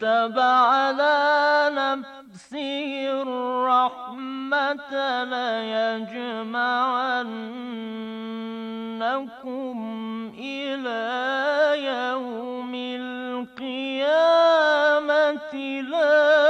كتب على نفسه الرحمة ليجمعنكم إلى يوم القيامة لا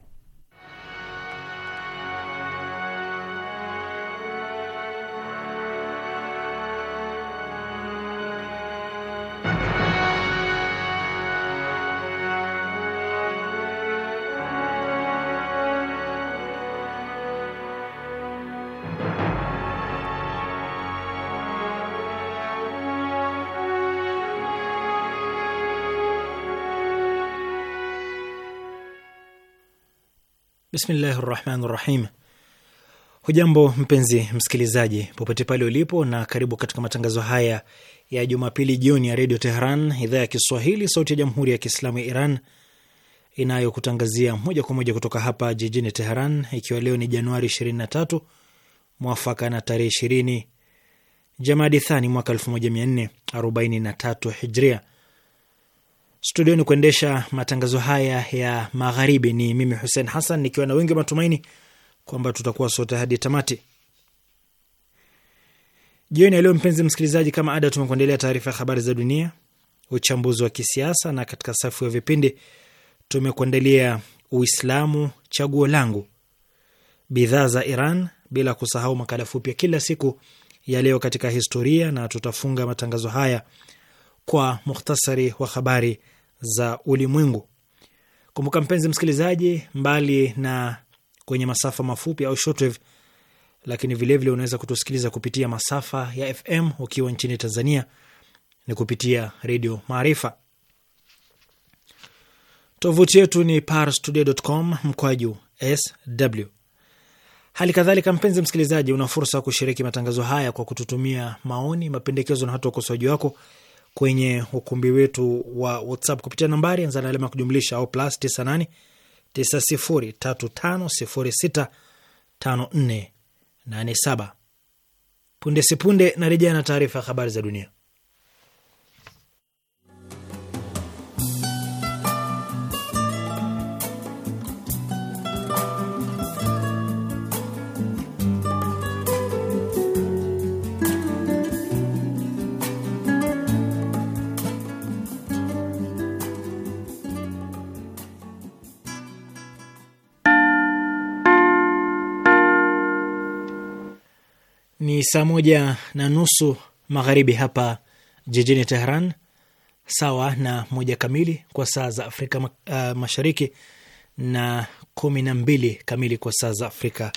Bismillahi rahmani rahim. Hujambo mpenzi msikilizaji, popote pale ulipo, na karibu katika matangazo haya ya Jumapili jioni ya Redio Teheran, idhaa ya Kiswahili, sauti ya Jamhuri ya Kiislamu ya Iran inayokutangazia moja kwa moja kutoka hapa jijini Teheran, ikiwa leo ni Januari 23 mwafaka na tarehe 20 Jamadi Thani mwaka 1443 Hijria. Studioni kuendesha matangazo haya ya magharibi ni mimi Hussein Hassan, nikiwa na wengi matumaini kwamba tutakuwa sote hadi tamati jioni ya leo. Mpenzi msikilizaji, kama ada, tumekuandalia taarifa ya habari za dunia, uchambuzi wa kisiasa, na katika safu ya vipindi tumekuandalia Uislamu chaguo langu, bidhaa za Iran, bila kusahau makala fupi ya kila siku ya leo katika historia, na tutafunga matangazo haya kwa mukhtasari wa habari za ulimwengu. Kumbuka mpenzi msikilizaji, mbali na kwenye masafa mafupi au shortwave, lakini vilevile unaweza kutusikiliza kupitia masafa ya FM ukiwa nchini Tanzania ni kupitia Redio Maarifa. Tovuti yetu ni parstoday.com mkwaju sw. Hali kadhalika, mpenzi msikilizaji, una fursa ya kushiriki matangazo haya kwa kututumia maoni, mapendekezo na hata ukosoaji wako kwenye ukumbi wetu wa WhatsApp kupitia nambari anza na alama ya kujumlisha au plus 98 9035065487. Punde sipunde narejea na taarifa ya habari za dunia. saa moja na nusu magharibi hapa jijini Tehran, sawa na moja kamili kwa saa za Afrika uh, Mashariki na kumi na mbili kamili kwa saa za Afrika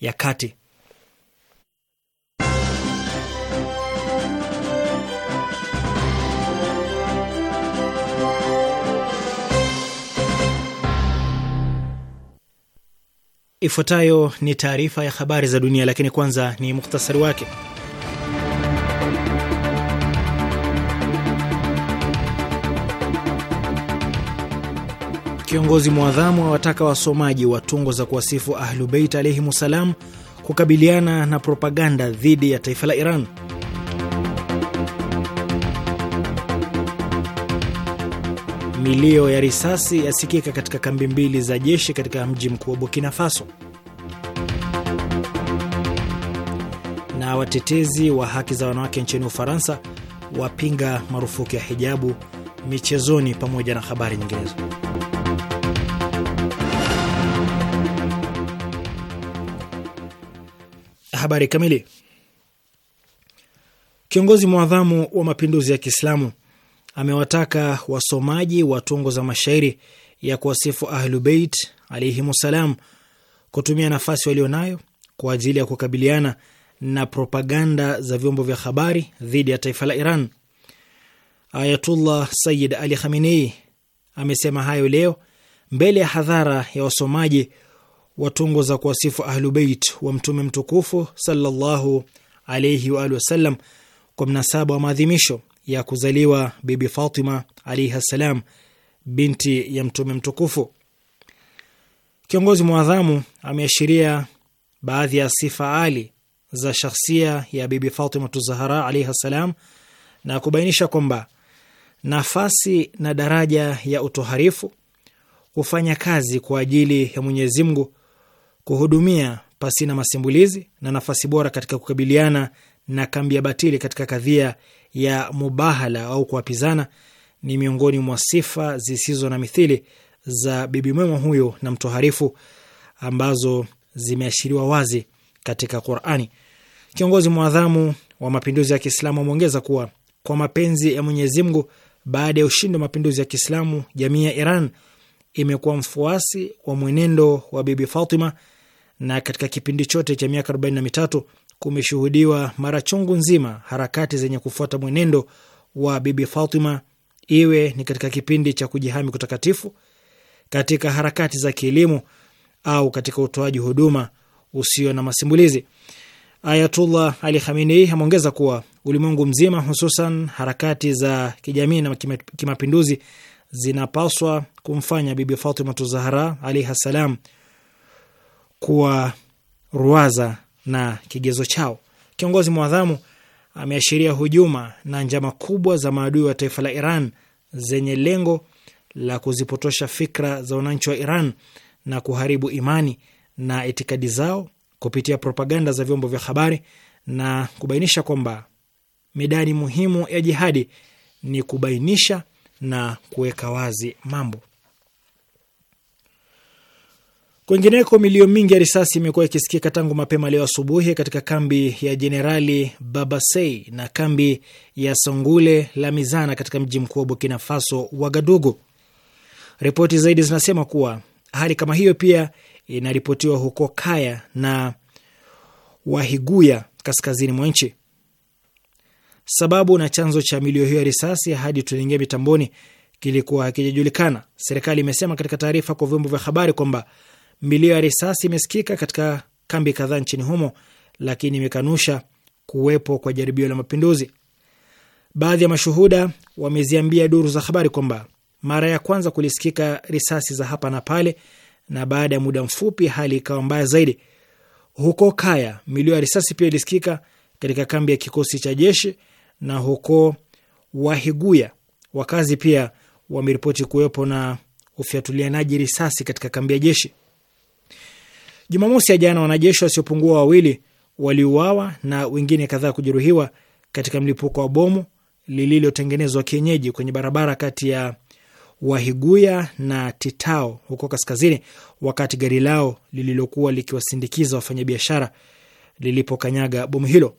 ya Kati. Ifuatayo ni taarifa ya habari za dunia, lakini kwanza ni muhtasari wake. Kiongozi mwadhamu awataka wasomaji wa tungo za kuwasifu Ahlubeit alaihim salam kukabiliana na propaganda dhidi ya taifa la Iran. Milio ya risasi yasikika katika kambi mbili za jeshi katika mji mkuu wa Burkina Faso. Na watetezi wa haki za wanawake nchini Ufaransa wapinga marufuku ya hijabu michezoni, pamoja na habari nyinginezo. Habari kamili. Kiongozi mwadhamu wa mapinduzi ya Kiislamu amewataka wasomaji wa tungo za mashairi ya kuwasifu Ahlubeit alaihimussalam kutumia nafasi walionayo kwa ajili ya kukabiliana na propaganda za vyombo vya habari dhidi ya taifa la Iran. Ayatullah Sayid Ali Khamenei amesema hayo leo mbele ya hadhara ya wasomaji wa tungo za kuwasifu Ahlubeit wa Mtume mtukufu sallallahu alaihi waalihi wasallam kwa mnasaba wa maadhimisho ya kuzaliwa Bibi Fatima alaihi ssalam, binti ya Mtume mtukufu. Kiongozi mwadhamu ameashiria baadhi ya sifa ali za shakhsia ya Bibi Fatimatu Zahara alaihi ssalam na kubainisha kwamba nafasi na daraja ya utoharifu, kufanya kazi kwa ajili ya Mwenyezi Mungu, kuhudumia pasina masimbulizi na nafasi bora katika kukabiliana na kambi ya batili katika kadhia ya mubahala au kuwapizana ni miongoni mwa sifa zisizo na mithili za bibi mwema huyo na mtoharifu ambazo zimeashiriwa wazi katika Qur'ani. Kiongozi mwadhamu wa mapinduzi ya Kiislamu ameongeza kuwa kwa mapenzi ya Mwenyezi Mungu, baada ya ushindi wa mapinduzi ya Kiislamu, jamii ya Iran imekuwa mfuasi wa mwenendo wa Bibi Fatima, na katika kipindi chote cha miaka 43 kumeshuhudiwa mara chungu nzima harakati zenye kufuata mwenendo wa Bibi Fatima, iwe ni katika kipindi cha kujihami kutakatifu, katika harakati za kielimu au katika utoaji huduma usio na masimulizi. Ayatullah Ali Khamenei ameongeza kuwa ulimwengu mzima, hususan harakati za kijamii na kimapinduzi, zinapaswa kumfanya Bibi Fatimatu Zahra alaihi ssalam kuwa ruwaza na kigezo chao. Kiongozi mwadhamu ameashiria hujuma na njama kubwa za maadui wa taifa la Iran zenye lengo la kuzipotosha fikra za wananchi wa Iran na kuharibu imani na itikadi zao kupitia propaganda za vyombo vya habari na kubainisha kwamba midani muhimu ya jihadi ni kubainisha na kuweka wazi mambo. Kwingineko, milio mingi ya risasi imekuwa ikisikika tangu mapema leo asubuhi katika kambi ya Jenerali Babasei na kambi ya Songule la Mizana katika mji mkuu wa Burkina Faso, Wagadugu. Ripoti zaidi zinasema kuwa hali kama hiyo pia inaripotiwa huko Kaya na Wahiguya, kaskazini mwa nchi. Sababu na chanzo cha milio hiyo ya risasi hadi tunaingia mitamboni kilikuwa hakijajulikana. Serikali imesema katika taarifa kwa vyombo vya habari kwamba Milio ya risasi imesikika katika kambi kadhaa nchini humo, lakini imekanusha kuwepo kwa jaribio la mapinduzi. Baadhi ya mashuhuda wameziambia duru za habari kwamba mara ya kwanza kulisikika risasi za hapa na pale, na baada ya muda mfupi hali ikawa mbaya zaidi. Huko Kaya, milio ya risasi pia ilisikika katika kambi ya kikosi cha jeshi, na huko Wahiguya wakazi pia wameripoti kuwepo na ufyatulianaji risasi katika kambi ya jeshi. Jumamosi ya jana wanajeshi wasiopungua wawili waliuawa na wengine kadhaa kujeruhiwa katika mlipuko wa bomu lililotengenezwa kienyeji kwenye barabara kati ya Wahiguya na Titao huko kaskazini, wakati gari lao lililokuwa likiwasindikiza wafanyabiashara lilipokanyaga bomu hilo.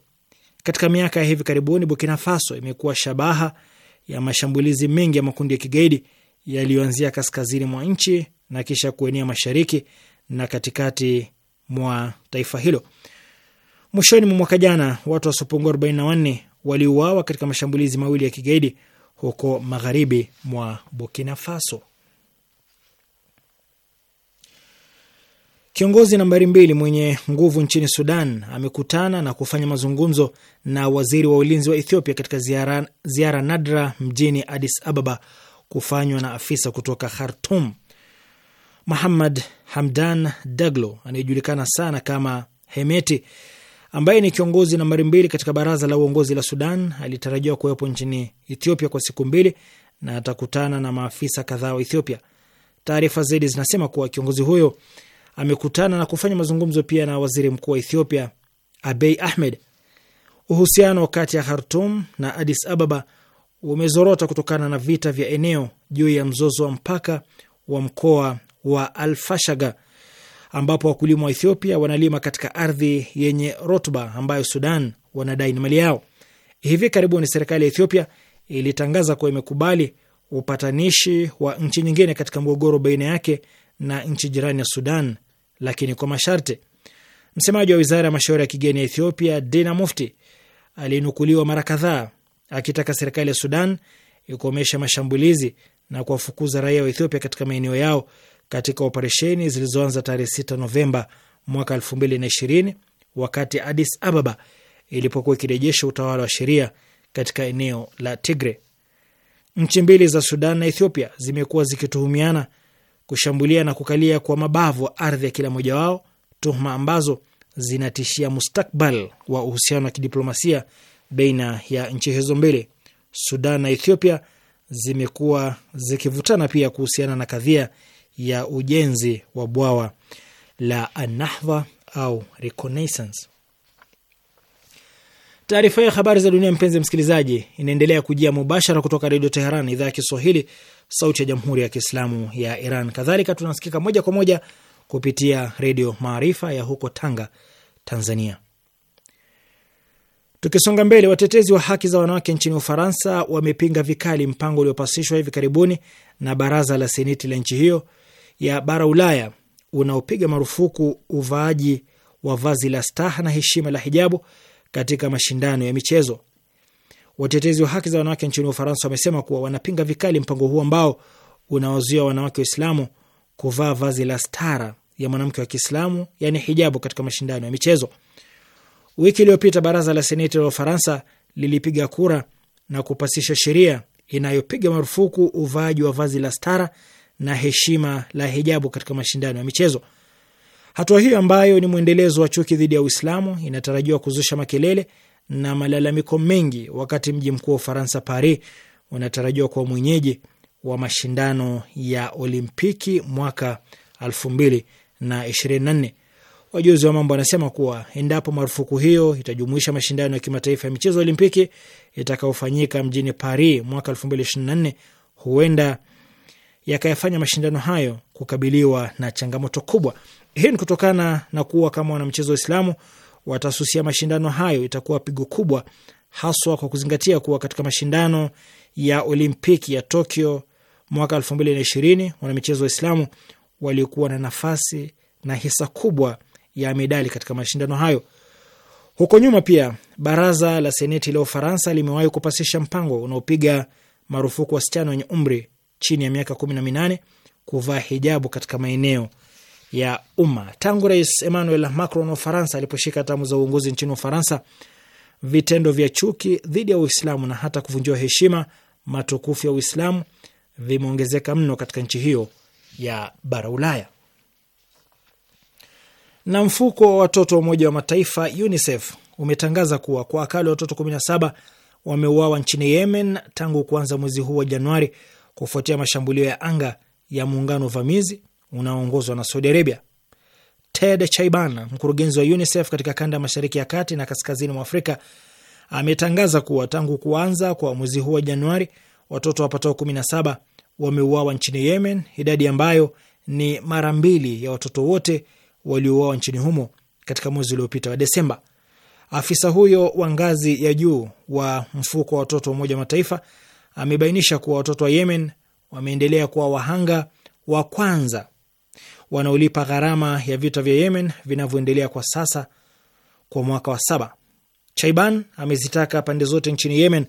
Katika miaka ya hivi karibuni, Burkina Faso imekuwa shabaha ya mashambulizi mengi ya makundi ya kigaidi yaliyoanzia kaskazini mwa nchi na kisha kuenea mashariki na katikati mwa taifa hilo. Mwishoni mwa mwaka jana, watu wasiopungua 44 waliuawa katika mashambulizi mawili ya kigaidi huko magharibi mwa Burkina Faso. Kiongozi nambari mbili mwenye nguvu nchini Sudan amekutana na kufanya mazungumzo na waziri wa ulinzi wa Ethiopia katika ziara, ziara nadra mjini Addis Ababa kufanywa na afisa kutoka Khartum. Muhammad Hamdan Daglo anayejulikana sana kama Hemeti, ambaye ni kiongozi nambari mbili katika baraza la uongozi la Sudan, alitarajiwa kuwepo nchini Ethiopia kwa siku mbili na atakutana na maafisa kadhaa wa Ethiopia. Taarifa zaidi zinasema kuwa kiongozi huyo amekutana na kufanya mazungumzo pia na waziri mkuu wa Ethiopia Abiy Ahmed. Uhusiano kati ya Khartum na Addis Ababa umezorota kutokana na vita vya eneo juu ya mzozo wa mpaka wa mkoa wa Alfashaga ambapo wakulima wa Ethiopia wanalima katika ardhi yenye rutuba ambayo Sudan wanadai ni mali yao. Hivi karibuni serikali ya Ethiopia ilitangaza kuwa imekubali upatanishi wa nchi nyingine katika mgogoro baina yake na nchi jirani ya Sudan, lakini kwa masharti. Msemaji wa wizara ya mashauri ya kigeni ya Ethiopia, Dina Mufti, alinukuliwa mara kadhaa akitaka serikali ya Sudan ikomeshe mashambulizi na kuwafukuza raia wa Ethiopia katika maeneo yao katika operesheni zilizoanza tarehe 6 Novemba mwaka 2020 wakati Addis Ababa ilipokuwa ikirejesha utawala wa sheria katika eneo la Tigre. Nchi mbili za Sudan na Ethiopia zimekuwa zikituhumiana kushambulia na kukalia kwa mabavu ardhi ya kila mmoja wao, tuhuma ambazo zinatishia mustakbal wa uhusiano wa kidiplomasia baina ya nchi hizo mbili. Sudan na Ethiopia zimekuwa zikivutana pia kuhusiana na kadhia ya ujenzi wa bwawa la Anahdha au Reconnaissance. Taarifa ya habari za dunia, mpenzi msikilizaji, inaendelea kujia mubashara kutoka Redio Teheran, idhaa ya Kiswahili, sauti ya Jamhuri ya Kiislamu ya Iran. Kadhalika tunasikika moja kwa moja kupitia Redio Maarifa ya huko Tanga, Tanzania. Tukisonga mbele, watetezi wa haki za wanawake nchini Ufaransa wamepinga vikali mpango uliopasishwa hivi karibuni na baraza la seneti la nchi hiyo ya bara Ulaya unaopiga marufuku uvaaji wa vazi la staha na heshima la hijabu katika mashindano ya michezo. Watetezi wa haki za wanawake nchini Ufaransa wamesema kuwa wanapinga vikali mpango huo ambao unawazuia wanawake Waislamu kuvaa vazi la stara ya mwanamke wa Kiislamu, yani hijabu, katika mashindano ya michezo. Wiki iliyopita baraza la seneti la Ufaransa lilipiga kura na kupasisha sheria inayopiga marufuku uvaaji wa vazi la stara na heshima la hijabu katika mashindano ya michezo. Hatua hiyo ambayo ni mwendelezo wa chuki dhidi ya Uislamu inatarajiwa kuzusha makelele na malalamiko mengi, wakati mji mkuu wa Ufaransa, Paris, unatarajiwa kuwa mwenyeji wa mashindano ya Olimpiki mwaka elfu Wajuzi wa mambo wanasema kuwa endapo marufuku hiyo itajumuisha mashindano ya kimataifa ya michezo ya Olimpiki itakayofanyika mjini Paris mwaka elfu huenda yakayafanya mashindano hayo kukabiliwa na changamoto kubwa. Hii ni kutokana na kuwa kama wanamchezo wa Islamu watasusia mashindano hayo itakuwa pigo kubwa, haswa kwa kuzingatia kuwa katika mashindano ya Olimpiki ya Tokyo mwaka elfu mbili na ishirini wanamichezo wa Islamu walikuwa na nafasi na hisa kubwa ya medali katika mashindano hayo. Huko nyuma pia baraza la seneti la Ufaransa limewahi kupasisha mpango unaopiga marufuku wasichana wenye umri chini ya miaka kumi na minane kuvaa hijabu katika maeneo ya umma. Tangu Rais Emmanuel Macron wa Ufaransa aliposhika hatamu za uongozi nchini Ufaransa, vitendo vya chuki dhidi ya Uislamu na hata kuvunjiwa heshima matukufu ya Uislamu vimeongezeka mno katika nchi hiyo ya bara Ulaya. Na mfuko wa watoto wa Umoja wa Mataifa UNICEF umetangaza kuwa kwa akali watoto 17 wameuawa nchini Yemen tangu kuanza mwezi huu wa Januari kufuatia mashambulio ya anga ya muungano uvamizi unaoongozwa na Saudi Arabia. Ted Chaibana, mkurugenzi wa UNICEF katika kanda ya mashariki ya kati na kaskazini mwa Afrika, ametangaza kuwa tangu kuanza kwa mwezi huu wa Januari watoto wapatao 17 wameuawa nchini Yemen, idadi ambayo ni mara mbili ya watoto wote waliouawa nchini humo katika mwezi uliopita wa Desemba. Afisa huyo wa ngazi ya juu wa mfuko wa watoto wa Umoja wa Mataifa amebainisha kuwa watoto wa Yemen wameendelea kuwa wahanga wa kwanza wanaolipa gharama ya vita vya Yemen vinavyoendelea kwa sasa kwa mwaka wa saba. Chaiban amezitaka pande zote nchini Yemen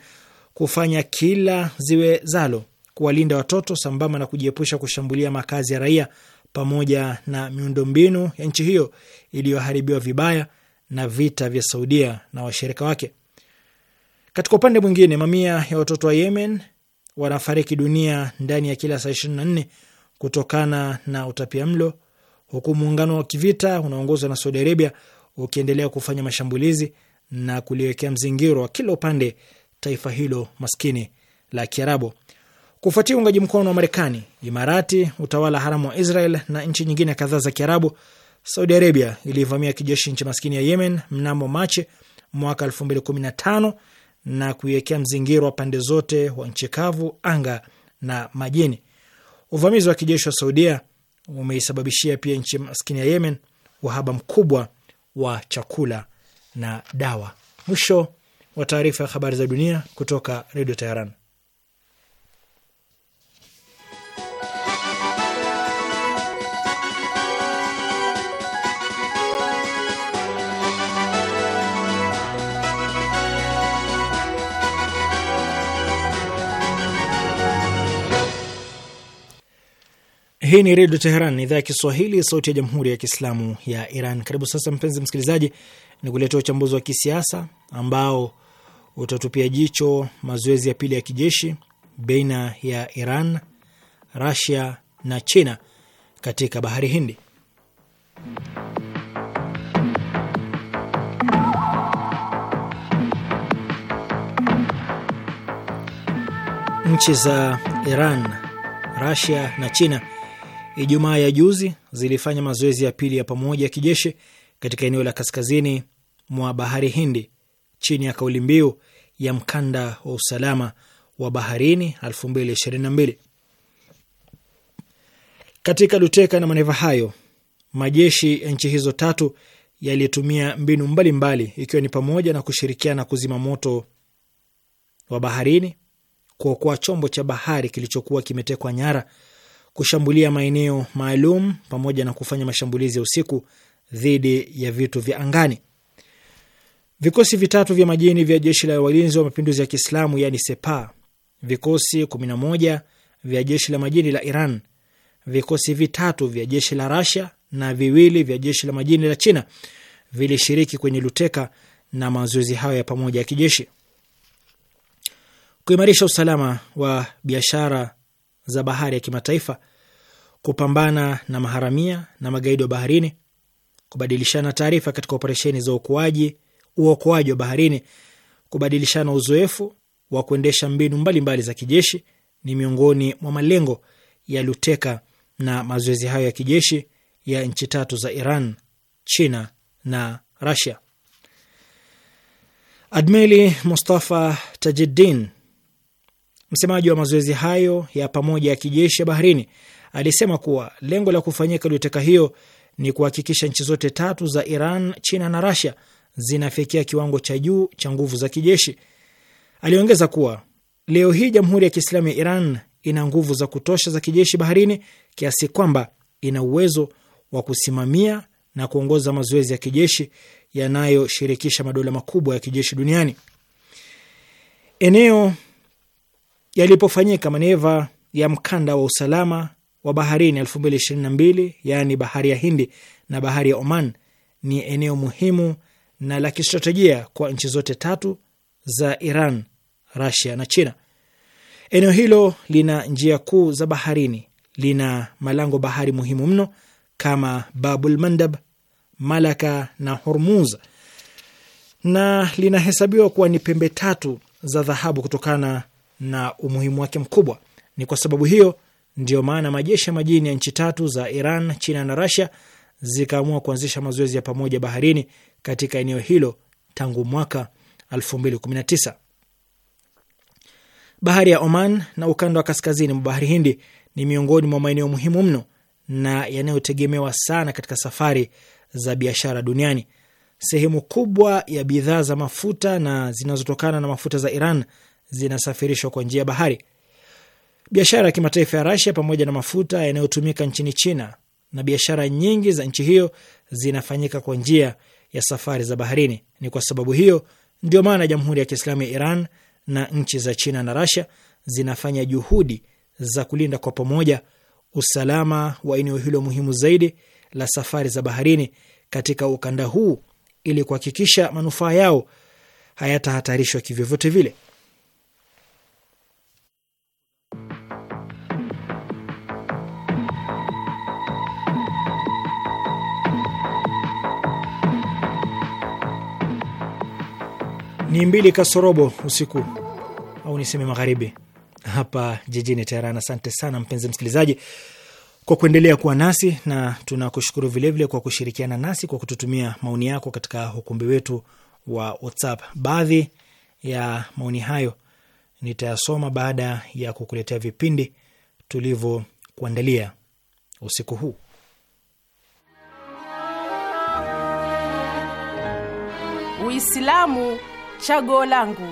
kufanya kila ziwezalo kuwalinda watoto sambamba na kujiepusha kushambulia makazi ya raia pamoja na miundombinu ya nchi hiyo iliyoharibiwa vibaya na vita vya Saudia na washirika wake. Katika upande mwingine, mamia ya watoto wa Yemen wanafariki dunia ndani ya kila saa 24 kutokana na utapia mlo, huku muungano wa kivita unaongozwa na Saudi Arabia ukiendelea kufanya mashambulizi na kuliwekea mzingiro wa kila upande taifa hilo maskini la Kiarabu. Kufuatia uungaji mkono wa Marekani, Imarati, utawala haramu wa Israel na nchi nyingine kadhaa za Kiarabu, Saudi Arabia ilivamia kijeshi nchi maskini ya Yemen mnamo Machi mwaka 2015 na kuiwekea mzingiro wa pande zote wa nchi kavu, anga na majini. Uvamizi wa kijeshi wa Saudia umeisababishia pia nchi maskini ya Yemen uhaba mkubwa wa chakula na dawa. Mwisho wa taarifa ya habari za dunia kutoka Redio Teheran. Hii ni Redio Teheran, idhaa ya Kiswahili, sauti ya Jamhuri ya Kiislamu ya Iran. Karibu sasa, mpenzi msikilizaji, ni kuletea uchambuzi wa kisiasa ambao utatupia jicho mazoezi ya pili ya kijeshi baina ya Iran, Rasia na China katika bahari Hindi. Nchi za Iran, Rasia na China Ijumaa ya juzi zilifanya mazoezi ya pili ya pamoja ya kijeshi katika eneo la kaskazini mwa bahari Hindi chini ya kauli mbiu ya mkanda wa usalama wa baharini 2022. Katika luteka na maneva hayo, majeshi ya nchi hizo tatu yalitumia mbinu mbalimbali mbali, ikiwa ni pamoja na kushirikiana kuzima moto wa baharini, kuokoa chombo cha bahari kilichokuwa kimetekwa nyara kushambulia maeneo maalum pamoja na kufanya mashambulizi ya usiku dhidi ya vitu vya angani. Vikosi vitatu vya majini vya jeshi la walinzi wa mapinduzi ya Kiislamu yani Sepa, vikosi 11 vya jeshi la majini la Iran, vikosi vitatu vya jeshi la Rasia na viwili vya jeshi la majini la China vilishiriki kwenye luteka na mazoezi hayo ya pamoja ya kijeshi. Kuimarisha usalama wa biashara za bahari ya kimataifa, kupambana na maharamia na magaidi wa baharini, kubadilishana taarifa katika operesheni za uokoaji uokoaji wa baharini, kubadilishana uzoefu wa kuendesha mbinu mbalimbali za kijeshi ni miongoni mwa malengo ya Luteka na mazoezi hayo ya kijeshi ya nchi tatu za Iran, China na Rasia. Admeli Mustafa tajidin Msemaji wa mazoezi hayo ya pamoja ya kijeshi ya baharini alisema kuwa lengo la kufanyika dioteka hiyo ni kuhakikisha nchi zote tatu za Iran, China na Rasia zinafikia kiwango cha juu cha nguvu za kijeshi. Aliongeza kuwa leo hii Jamhuri ya Kiislamu ya Iran ina nguvu za kutosha za kijeshi baharini kiasi kwamba ina uwezo wa kusimamia na kuongoza mazoezi ya kijeshi yanayoshirikisha madola makubwa ya kijeshi duniani. Eneo yalipofanyika maneva ya mkanda wa usalama wa baharini 2022 yaani bahari ya Hindi na bahari ya Oman ni eneo muhimu na la kistratejia kwa nchi zote tatu za Iran, Rasia na China. Eneo hilo lina njia kuu za baharini, lina malango bahari muhimu mno kama Babul Mandab, Malaka na Hormuz, na linahesabiwa kuwa ni pembe tatu za dhahabu kutokana na umuhimu wake mkubwa. Ni kwa sababu hiyo ndio maana majeshi ya majini ya nchi tatu za Iran, China na Rasia zikaamua kuanzisha mazoezi ya pamoja baharini katika eneo hilo tangu mwaka 2019. Bahari ya Oman na ukanda wa kaskazini mwa bahari Hindi ni miongoni mwa maeneo muhimu mno na yanayotegemewa sana katika safari za biashara duniani. Sehemu kubwa ya bidhaa za mafuta na zinazotokana na mafuta za Iran zinasafirishwa kwa njia ya bahari. Biashara ya kimataifa ya Rasia pamoja na mafuta yanayotumika nchini China na biashara nyingi za nchi hiyo zinafanyika kwa njia ya safari za baharini. Ni kwa sababu hiyo ndio maana Jamhuri ya Kiislamu ya Iran na nchi za China na Rasia zinafanya juhudi za kulinda kwa pamoja usalama wa eneo hilo muhimu zaidi la safari za baharini katika ukanda huu ili kuhakikisha manufaa yao hayatahatarishwa kivyovyote vile. Ni mbili kasorobo usiku au niseme magharibi hapa jijini Teheran. Asante sana mpenzi msikilizaji kwa kuendelea kuwa nasi na tunakushukuru vilevile kwa kushirikiana nasi kwa kututumia maoni yako katika ukumbi wetu wa WhatsApp. Baadhi ya maoni hayo nitayasoma baada ya kukuletea vipindi tulivyokuandalia usiku huu. Uislamu chaguo langu.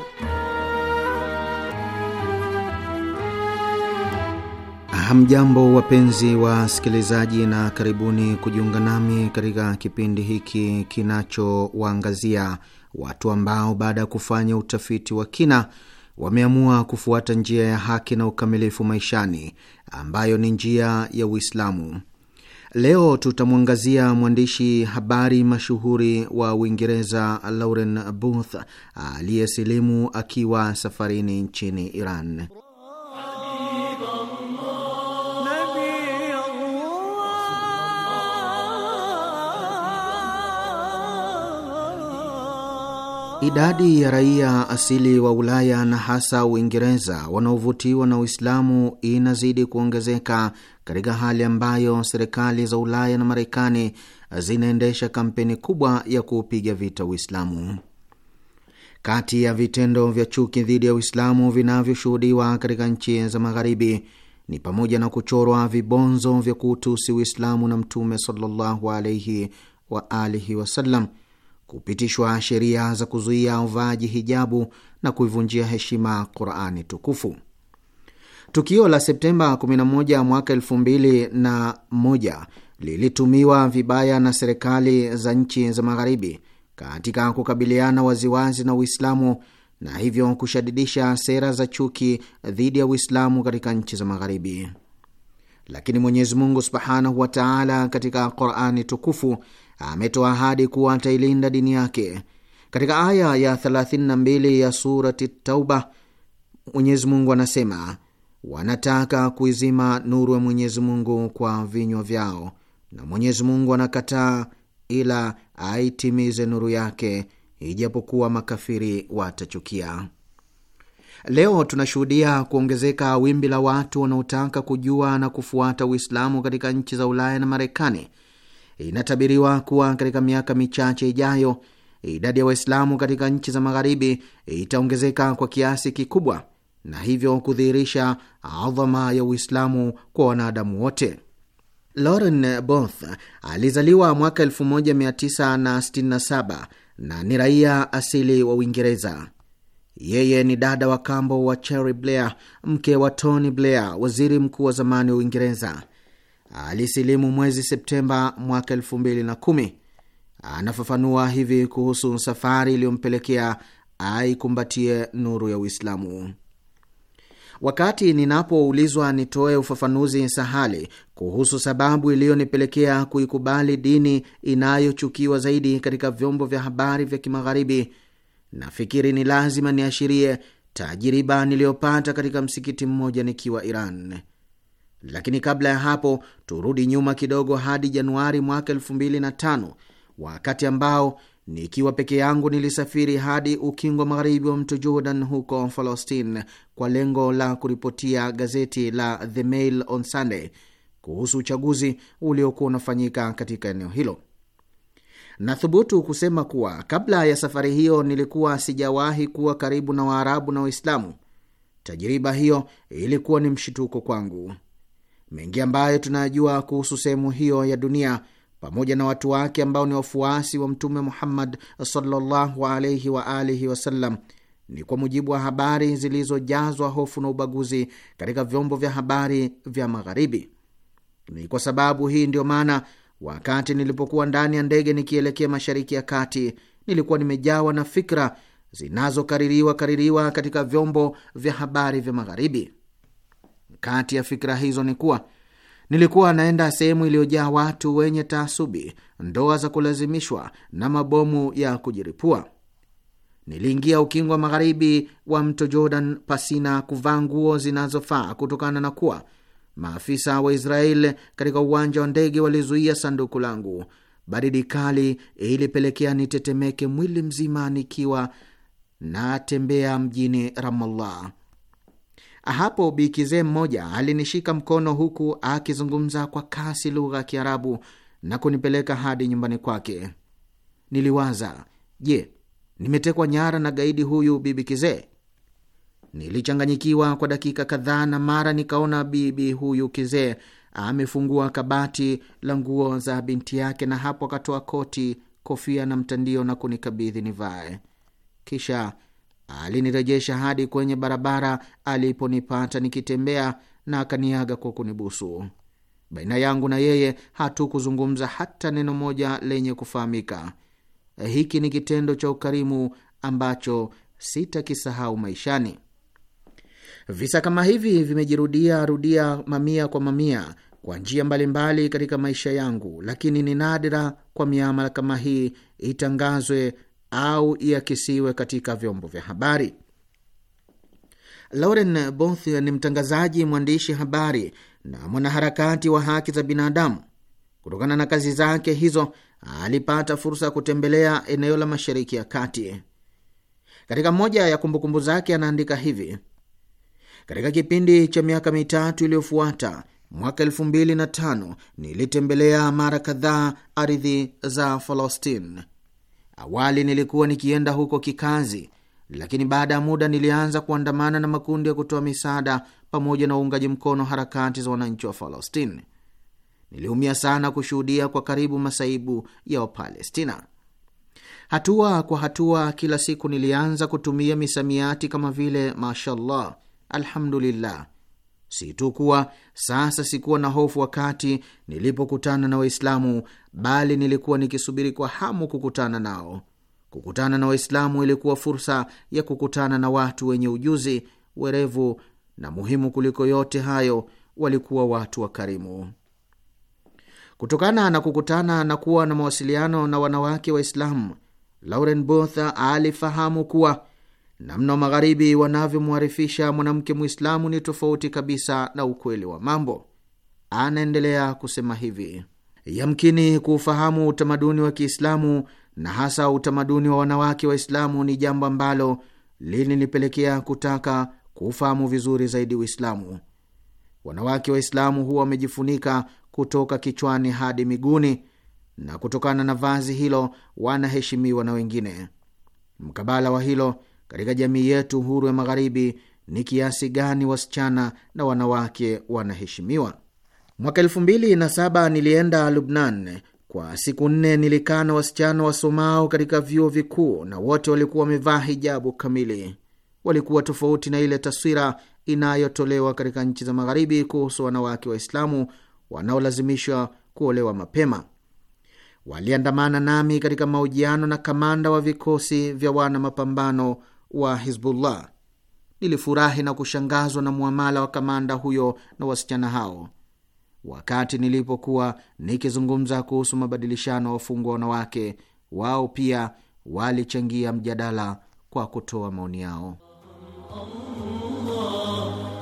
Hamjambo, wapenzi wa sikilizaji, na karibuni kujiunga nami katika kipindi hiki kinachowaangazia watu ambao baada ya kufanya utafiti wa kina wameamua kufuata njia ya haki na ukamilifu maishani, ambayo ni njia ya Uislamu. Leo tutamwangazia mwandishi habari mashuhuri wa Uingereza Lauren Booth aliyesilimu akiwa safarini nchini Iran. Idadi ya raia asili wa Ulaya na hasa Uingereza wanaovutiwa na Uislamu inazidi kuongezeka katika hali ambayo serikali za Ulaya na Marekani zinaendesha kampeni kubwa ya kuupiga vita Uislamu. Kati ya vitendo vya chuki dhidi ya Uislamu vinavyoshuhudiwa katika nchi za Magharibi ni pamoja na kuchorwa vibonzo vya kuutusi Uislamu na Mtume sallallahu alaihi wa alihi wasallam, kupitishwa sheria za kuzuia uvaaji hijabu na kuivunjia heshima Qurani tukufu. Tukio la Septemba 11 mwaka 2001 lilitumiwa vibaya na serikali za nchi za Magharibi katika kukabiliana waziwazi na Uislamu na hivyo kushadidisha sera za chuki dhidi ya Uislamu katika nchi za Magharibi. Lakini Mwenyezi Mungu subhanahu wa taala katika Qurani tukufu ametoa ahadi kuwa atailinda dini yake. Katika aya ya 32 ya surati Tauba, Mwenyezi Mungu anasema wanataka kuizima nuru ya Mwenyezi Mungu kwa vinywa vyao, na Mwenyezi Mungu anakataa ila aitimize nuru yake, ijapokuwa makafiri watachukia. Leo tunashuhudia kuongezeka wimbi la watu wanaotaka kujua na kufuata Uislamu katika nchi za Ulaya na Marekani. Inatabiriwa kuwa katika miaka michache ijayo idadi ya Waislamu katika nchi za Magharibi itaongezeka kwa kiasi kikubwa na hivyo kudhihirisha adhama ya Uislamu kwa wanadamu wote. Lauren Both alizaliwa mwaka 1967 na ni raia asili wa Uingereza. Yeye ni dada wa kambo wa chery Blair, mke wa Tony Blair, waziri mkuu wa zamani wa Uingereza. Alisilimu mwezi Septemba mwaka 2010. Anafafanua hivi kuhusu safari iliyompelekea aikumbatie nuru ya Uislamu. Wakati ninapoulizwa nitoe ufafanuzi sahali kuhusu sababu iliyonipelekea kuikubali dini inayochukiwa zaidi katika vyombo vya habari vya Kimagharibi, nafikiri ni lazima niashirie tajiriba niliyopata katika msikiti mmoja nikiwa Iran. Lakini kabla ya hapo turudi nyuma kidogo hadi Januari mwaka elfu mbili na tano wakati ambao Nikiwa peke yangu nilisafiri hadi ukingo magharibi wa mto Jordan huko Palestine kwa lengo la kuripotia gazeti la The Mail on Sunday kuhusu uchaguzi uliokuwa unafanyika katika eneo hilo. Nathubutu kusema kuwa kabla ya safari hiyo nilikuwa sijawahi kuwa karibu na Waarabu na Waislamu. Tajiriba hiyo ilikuwa ni mshituko kwangu. Mengi ambayo tunayajua kuhusu sehemu hiyo ya dunia pamoja na watu wake ambao ni wafuasi wa Mtume Muhammad sallallahu alaihi wa alihi wasallam. Ni kwa mujibu wa habari zilizojazwa hofu na ubaguzi katika vyombo vya habari vya Magharibi. Ni kwa sababu hii ndiyo maana wakati nilipokuwa ndani ya ndege nikielekea Mashariki ya Kati, nilikuwa nimejawa na fikra zinazokaririwa kaririwa katika vyombo vya habari vya Magharibi. Kati ya fikra hizo ni kuwa Nilikuwa naenda sehemu iliyojaa watu wenye taasubi, ndoa za kulazimishwa na mabomu ya kujiripua. Niliingia ukingo wa magharibi wa mto Jordan pasina kuvaa nguo zinazofaa kutokana na kuwa maafisa wa Israeli katika uwanja wa ndege walizuia sanduku langu. Baridi kali ilipelekea nitetemeke mwili mzima nikiwa natembea mjini Ramallah. Hapo bikizee mmoja alinishika mkono huku akizungumza kwa kasi lugha ya Kiarabu na kunipeleka hadi nyumbani kwake. Niliwaza, je, nimetekwa nyara na gaidi huyu bibi kizee? Nilichanganyikiwa kwa dakika kadhaa, na mara nikaona bibi huyu kizee amefungua kabati la nguo za binti yake, na hapo akatoa koti, kofia na mtandio na kunikabidhi nivae. Kisha alinirejesha hadi kwenye barabara aliponipata nikitembea na akaniaga kwa kunibusu. Baina yangu na yeye hatukuzungumza hata neno moja lenye kufahamika. Hiki ni kitendo cha ukarimu ambacho sitakisahau maishani. Visa kama hivi vimejirudia rudia mamia kwa mamia kwa njia mbalimbali katika maisha yangu, lakini ni nadra kwa miamala kama hii itangazwe au iakisiwe katika vyombo vya habari. Lauren Both ni mtangazaji, mwandishi habari na mwanaharakati wa haki za binadamu. Kutokana na kazi zake hizo, alipata fursa ya kutembelea eneo la Mashariki ya Kati. Katika moja ya kumbukumbu zake anaandika hivi: katika kipindi cha miaka mitatu iliyofuata, mwaka elfu mbili na tano, nilitembelea mara kadhaa ardhi za Palestina Awali nilikuwa nikienda huko kikazi, lakini baada ya muda nilianza kuandamana na makundi ya kutoa misaada pamoja na uungaji mkono harakati za wananchi wa Palestina. Niliumia sana kushuhudia kwa karibu masaibu ya Wapalestina. Hatua kwa hatua, kila siku nilianza kutumia misamiati kama vile mashallah, alhamdulillah Si tu kuwa sasa sikuwa na hofu wakati nilipokutana na Waislamu, bali nilikuwa nikisubiri kwa hamu kukutana nao. Kukutana na Waislamu ilikuwa fursa ya kukutana na watu wenye ujuzi, werevu na muhimu kuliko yote hayo, walikuwa watu wakarimu. Kutokana na kukutana na kuwa na mawasiliano na wanawake Waislamu, Lauren bothe alifahamu kuwa namna magharibi wanavyomwarifisha mwanamke Mwislamu ni tofauti kabisa na ukweli wa mambo. Anaendelea kusema hivi: yamkini kuufahamu utamaduni wa Kiislamu na hasa utamaduni wa wanawake Waislamu ni jambo ambalo lilinipelekea kutaka kuufahamu vizuri zaidi Uislamu. Wanawake Waislamu huwa wamejifunika kutoka kichwani hadi miguuni, na kutokana na vazi hilo wanaheshimiwa na wengine. Mkabala wa hilo katika jamii yetu huru ya Magharibi ni kiasi gani wasichana na wanawake wanaheshimiwa. Mwaka elfu mbili na saba nilienda Lubnan kwa siku nne. Nilikaa na wasichana wasomao katika vyuo vikuu na wote walikuwa wamevaa hijabu kamili. Walikuwa tofauti na ile taswira inayotolewa katika nchi za Magharibi kuhusu wanawake Waislamu wanaolazimishwa kuolewa mapema. Waliandamana nami katika mahojiano na kamanda wa vikosi vya wana mapambano wa Hizbullah. Nilifurahi na kushangazwa na mwamala wa kamanda huyo na wasichana hao. Wakati nilipokuwa nikizungumza kuhusu mabadilishano ya wafungwa wanawake, wao pia walichangia mjadala kwa kutoa maoni yao. Allah.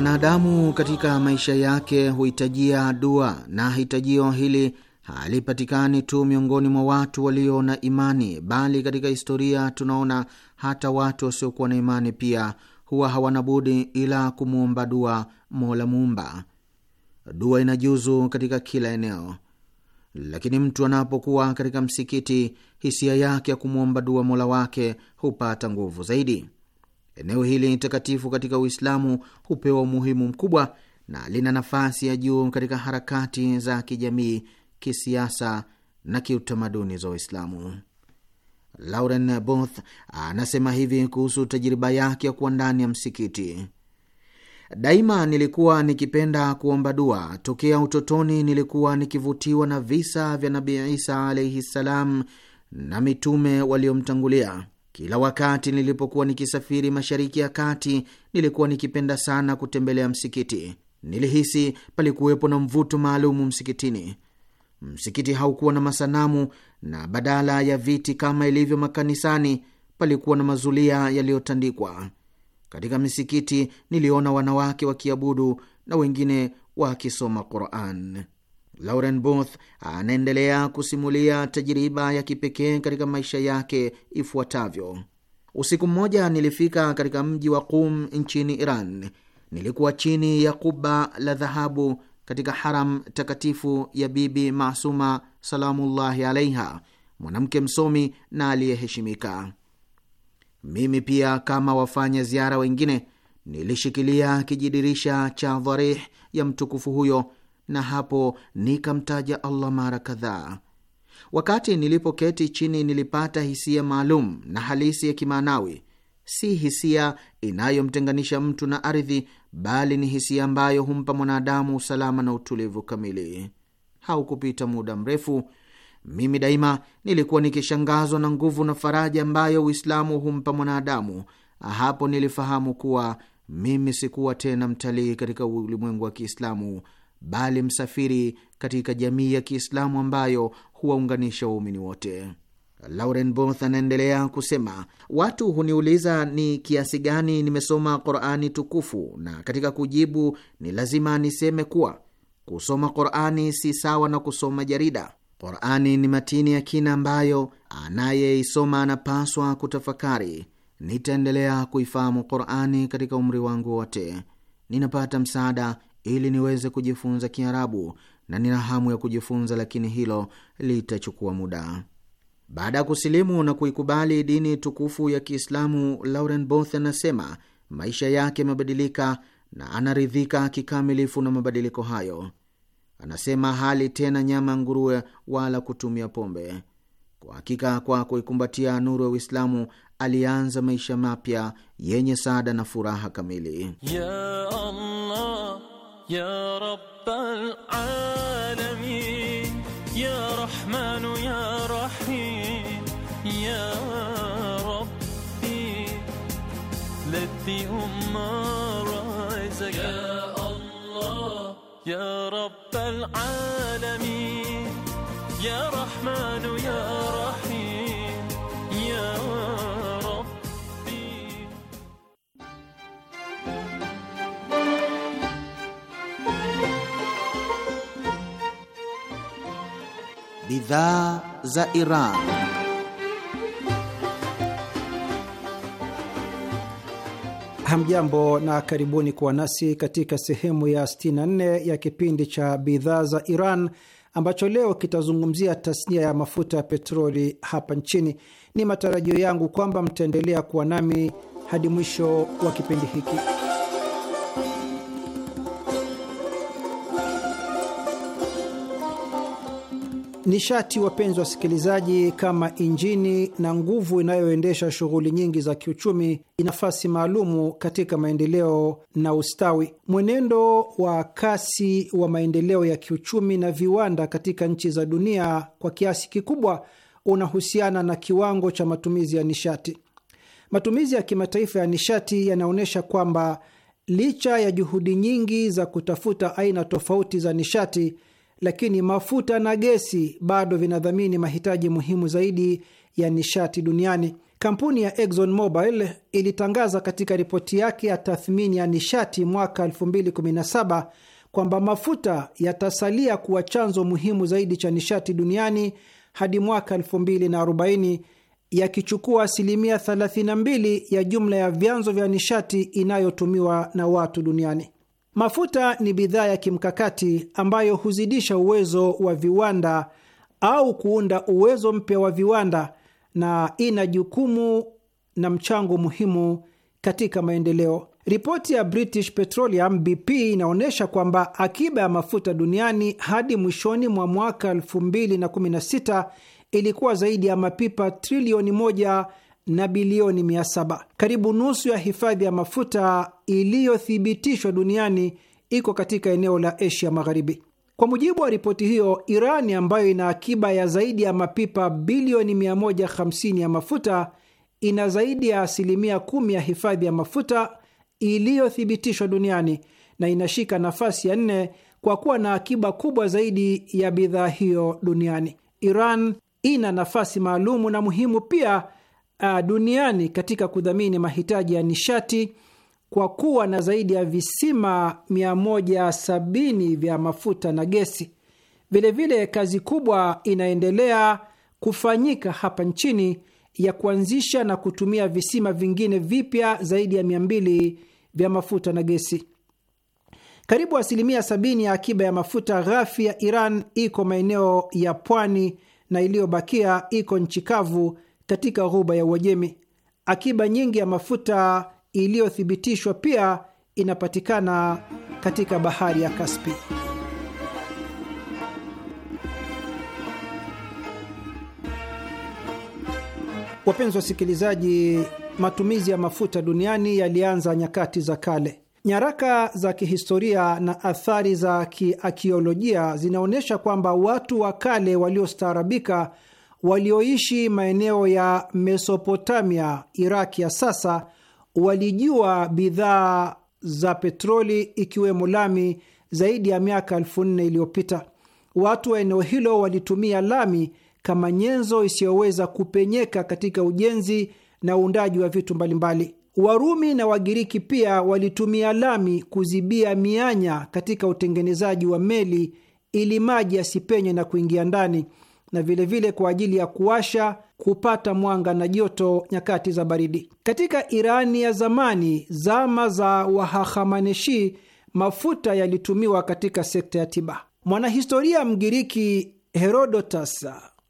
Mwanadamu katika maisha yake huhitajia dua na hitajio hili halipatikani tu miongoni mwa watu walio na imani, bali katika historia tunaona hata watu wasiokuwa na imani pia huwa hawana budi ila kumwomba dua Mola Muumba. Dua inajuzu katika kila eneo, lakini mtu anapokuwa katika msikiti, hisia yake ya kumwomba dua mola wake hupata nguvu zaidi. Eneo hili ni takatifu katika Uislamu, hupewa umuhimu mkubwa na lina nafasi ya juu katika harakati za kijamii, kisiasa na kiutamaduni za Uislamu. Lauren Both anasema hivi kuhusu tajiriba yake ya kuwa ndani ya msikiti: Daima nilikuwa nikipenda kuomba dua tokea utotoni. Nilikuwa nikivutiwa na visa vya Nabii Isa alaihi ssalam na mitume waliomtangulia. Kila wakati nilipokuwa nikisafiri Mashariki ya Kati, nilikuwa nikipenda sana kutembelea msikiti. Nilihisi palikuwepo na mvuto maalumu msikitini. Msikiti haukuwa na masanamu na badala ya viti kama ilivyo makanisani, palikuwa na mazulia yaliyotandikwa. Katika misikiti niliona wanawake wakiabudu na wengine wakisoma Quran. Lauren Booth anaendelea kusimulia tajiriba ya kipekee katika maisha yake ifuatavyo: usiku mmoja nilifika katika mji wa Qum nchini Iran. Nilikuwa chini ya kuba la dhahabu katika haram takatifu ya Bibi Masuma salamullahi alaiha, mwanamke msomi na aliyeheshimika. Mimi pia kama wafanya ziara wengine nilishikilia kijidirisha cha dharih ya mtukufu huyo na hapo nikamtaja Allah mara kadhaa. Wakati nilipoketi chini, nilipata hisia maalum na halisi ya kimaanawi, si hisia inayomtenganisha mtu na ardhi, bali ni hisia ambayo humpa mwanadamu usalama na utulivu kamili. Haukupita muda mrefu, mimi daima nilikuwa nikishangazwa na nguvu na faraja ambayo Uislamu humpa mwanadamu. Hapo nilifahamu kuwa mimi sikuwa tena mtalii katika ulimwengu wa Kiislamu bali msafiri katika jamii ya Kiislamu ambayo huwaunganisha waumini wote. Lauren Both anaendelea kusema, watu huniuliza ni kiasi gani nimesoma Qurani tukufu, na katika kujibu ni lazima niseme kuwa kusoma Qurani si sawa na kusoma jarida. Qurani ni matini ya kina ambayo anayeisoma anapaswa kutafakari. Nitaendelea kuifahamu Qurani katika umri wangu wote. Ninapata msaada ili niweze kujifunza Kiarabu na nina hamu ya kujifunza, lakini hilo litachukua muda. Baada ya kusilimu na kuikubali dini tukufu ya Kiislamu, Lauren Both anasema maisha yake yamebadilika na anaridhika kikamilifu na mabadiliko hayo. Anasema hali tena nyama nguruwe wala kutumia pombe. Kwa hakika, kwa kuikumbatia nuru ya Uislamu alianza maisha mapya yenye saada na furaha kamili ya Allah. يا رب العالمين يا رحمن يا رحيم يا ربي لدي هم رزقك يا الله يا رب العالمين يا رحمن يا رحيم bidhaa za Iran. Hamjambo na karibuni kuwa nasi katika sehemu ya 64 ya kipindi cha bidhaa za Iran ambacho leo kitazungumzia tasnia ya mafuta ya petroli hapa nchini. Ni matarajio yangu kwamba mtaendelea kuwa nami hadi mwisho wa kipindi hiki. Nishati, wapenzi wasikilizaji, kama injini na nguvu inayoendesha shughuli nyingi za kiuchumi, ina nafasi maalumu katika maendeleo na ustawi. Mwenendo wa kasi wa maendeleo ya kiuchumi na viwanda katika nchi za dunia kwa kiasi kikubwa unahusiana na kiwango cha matumizi ya nishati. Matumizi ya kimataifa ya nishati yanaonyesha kwamba licha ya juhudi nyingi za kutafuta aina tofauti za nishati lakini mafuta na gesi bado vinadhamini mahitaji muhimu zaidi ya nishati duniani. Kampuni ya Exxon Mobil ilitangaza katika ripoti yake ya tathmini ya nishati mwaka 2017 kwamba mafuta yatasalia kuwa chanzo muhimu zaidi cha nishati duniani hadi mwaka 2040 yakichukua asilimia 32 ya jumla ya vyanzo vya nishati inayotumiwa na watu duniani. Mafuta ni bidhaa ya kimkakati ambayo huzidisha uwezo wa viwanda au kuunda uwezo mpya wa viwanda na ina jukumu na mchango muhimu katika maendeleo. Ripoti ya British Petroleum BP inaonyesha kwamba akiba ya mafuta duniani hadi mwishoni mwa mwaka 2016 ilikuwa zaidi ya mapipa trilioni moja na bilioni 7 Karibu nusu ya hifadhi ya mafuta iliyothibitishwa duniani iko katika eneo la Asia Magharibi. Kwa mujibu wa ripoti hiyo, Irani ambayo ina akiba ya zaidi ya mapipa bilioni 150 ya mafuta ina zaidi ya asilimia kumi ya hifadhi ya mafuta iliyothibitishwa duniani na inashika nafasi ya nne kwa kuwa na akiba kubwa zaidi ya bidhaa hiyo duniani. Iran ina nafasi maalumu na muhimu pia uh, duniani katika kudhamini mahitaji ya nishati kwa kuwa na zaidi ya visima 170 vya mafuta na gesi. Vilevile, kazi kubwa inaendelea kufanyika hapa nchini ya kuanzisha na kutumia visima vingine vipya zaidi ya 200 vya mafuta na gesi. Karibu asilimia sabini ya akiba ya mafuta ghafi ya Iran iko maeneo ya pwani na iliyobakia iko nchi kavu katika ghuba ya Uajemi. Akiba nyingi ya mafuta iliyothibitishwa pia inapatikana katika bahari ya Kaspi. Wapenzi wasikilizaji, matumizi ya mafuta duniani yalianza nyakati za kale. Nyaraka za kihistoria na athari za kiakiolojia zinaonyesha kwamba watu wa kale waliostaarabika walioishi maeneo ya Mesopotamia, Iraq ya sasa, walijua bidhaa za petroli ikiwemo lami zaidi ya miaka elfu nne iliyopita. Watu wa eneo hilo walitumia lami kama nyenzo isiyoweza kupenyeka katika ujenzi na uundaji wa vitu mbalimbali. Warumi na Wagiriki pia walitumia lami kuzibia mianya katika utengenezaji wa meli ili maji yasipenye na kuingia ndani na vilevile vile kwa ajili ya kuwasha, kupata mwanga na joto nyakati za baridi. Katika Irani ya zamani, zama za Wahahamaneshi, mafuta yalitumiwa katika sekta ya tiba. Mwanahistoria Mgiriki Herodotus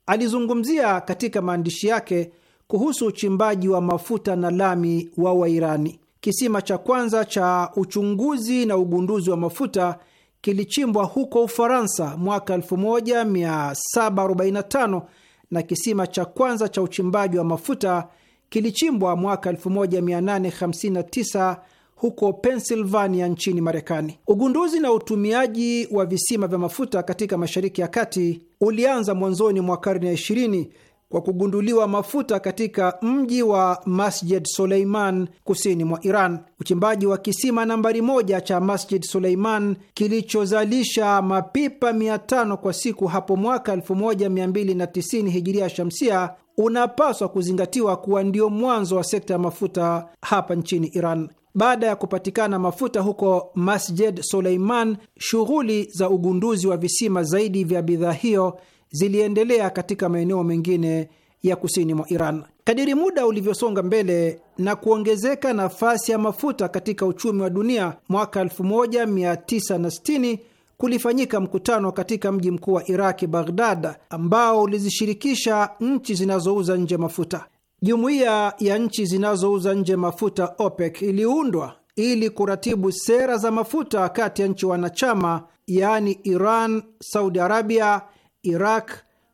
alizungumzia katika maandishi yake kuhusu uchimbaji wa mafuta na lami wa Wairani. Kisima cha kwanza cha uchunguzi na ugunduzi wa mafuta kilichimbwa huko Ufaransa mwaka 1745 na kisima cha kwanza cha uchimbaji wa mafuta kilichimbwa mwaka 1859 huko Pennsylvania nchini Marekani. Ugunduzi na utumiaji wa visima vya mafuta katika Mashariki ya Kati ulianza mwanzoni mwa karne ya 20 kwa kugunduliwa mafuta katika mji wa Masjid Suleiman kusini mwa Iran. Uchimbaji wa kisima nambari moja cha Masjid Suleiman kilichozalisha mapipa 500 kwa siku hapo mwaka 1290 hijiria shamsia unapaswa kuzingatiwa kuwa ndio mwanzo wa sekta ya mafuta hapa nchini Iran. Baada ya kupatikana mafuta huko Masjid Suleiman, shughuli za ugunduzi wa visima zaidi vya bidhaa hiyo ziliendelea katika maeneo mengine ya kusini mwa Iran. Kadiri muda ulivyosonga mbele na kuongezeka nafasi ya mafuta katika uchumi wa dunia, mwaka 1960 kulifanyika mkutano katika mji mkuu wa Iraki, Baghdad, ambao ulizishirikisha nchi zinazouza nje mafuta. Jumuiya ya nchi zinazouza nje mafuta OPEC iliundwa ili kuratibu sera za mafuta kati ya nchi wanachama, yaani Iran, Saudi Arabia, Iraq,